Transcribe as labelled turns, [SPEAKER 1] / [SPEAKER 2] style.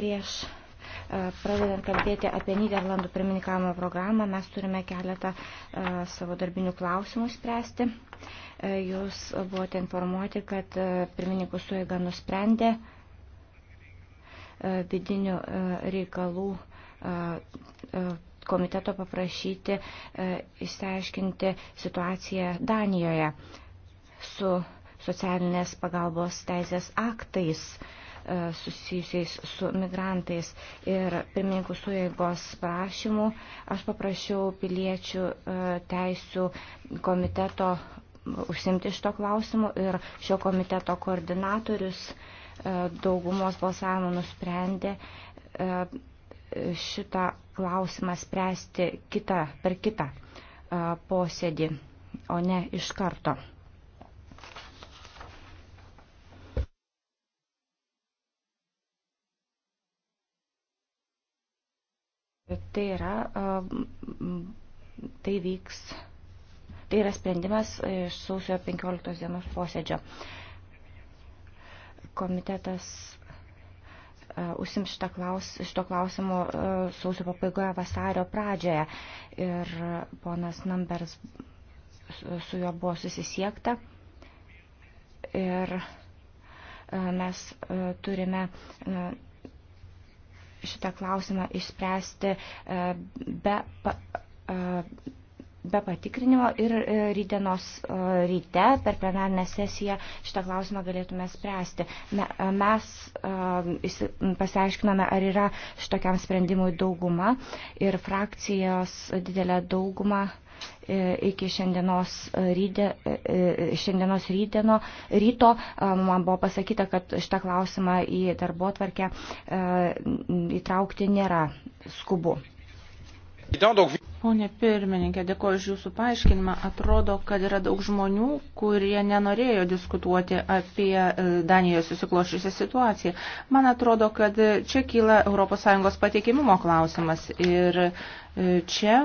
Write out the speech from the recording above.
[SPEAKER 1] prieš e, pradedant kalbėti apie Niderlandų pirmininkavimo programą, mes turime keletą e, savo darbinių klausimų spręsti. E, jūs buvote informuoti, kad pirmininkų suėga nusprendė vidinių reikalų komiteto paprašyti išsiaiškinti situaciją Danijoje su socialinės pagalbos teisės aktais. Uh, E, susijusiais su migrantais. Ir pirmininkų suėgos prašymų aš paprašiau piliečių e, teisų komiteto užsimti šito klausimu ir šio komiteto koordinatorius e, daugumos balsavimo nusprendė šitą klausimą spręsti kitą, per kitą posėdį, o ne iš karto. Tai yra, tai vyks, tai yra sprendimas iš sausio 15 dienos posėdžio. Komitetas užsim šito, klaus, šito klausimo sausio pabaigoje vasario pradžioje. Ir ponas Numbers su juo buvo susisiekta. Ir mes turime šitą klausimą išspręsti e, be e, be patikrinimo ir e, rydienos e, ryte per plenarinę sesiją šitą klausimą galėtume spręsti. E, mes pasiaiškiname, ar yra šitokiam sprendimui dauguma ir frakcijos didelė dauguma iki šiandienos, rydė, šiandienos rydeno, ryto. Man buvo pasakyta, kad šitą klausimą į darbo
[SPEAKER 2] tvarkę įtraukti nėra skubu. Įdomu, daug... Pone pirmininkė, dėkoju iš jūsų paaiškinimą. Atrodo, kad yra daug žmonių, kurie nenorėjo diskutuoti apie e, Danijos susiklošusią situaciją. Man atrodo, kad čia kyla ES patikimumo klausimas ir e, čia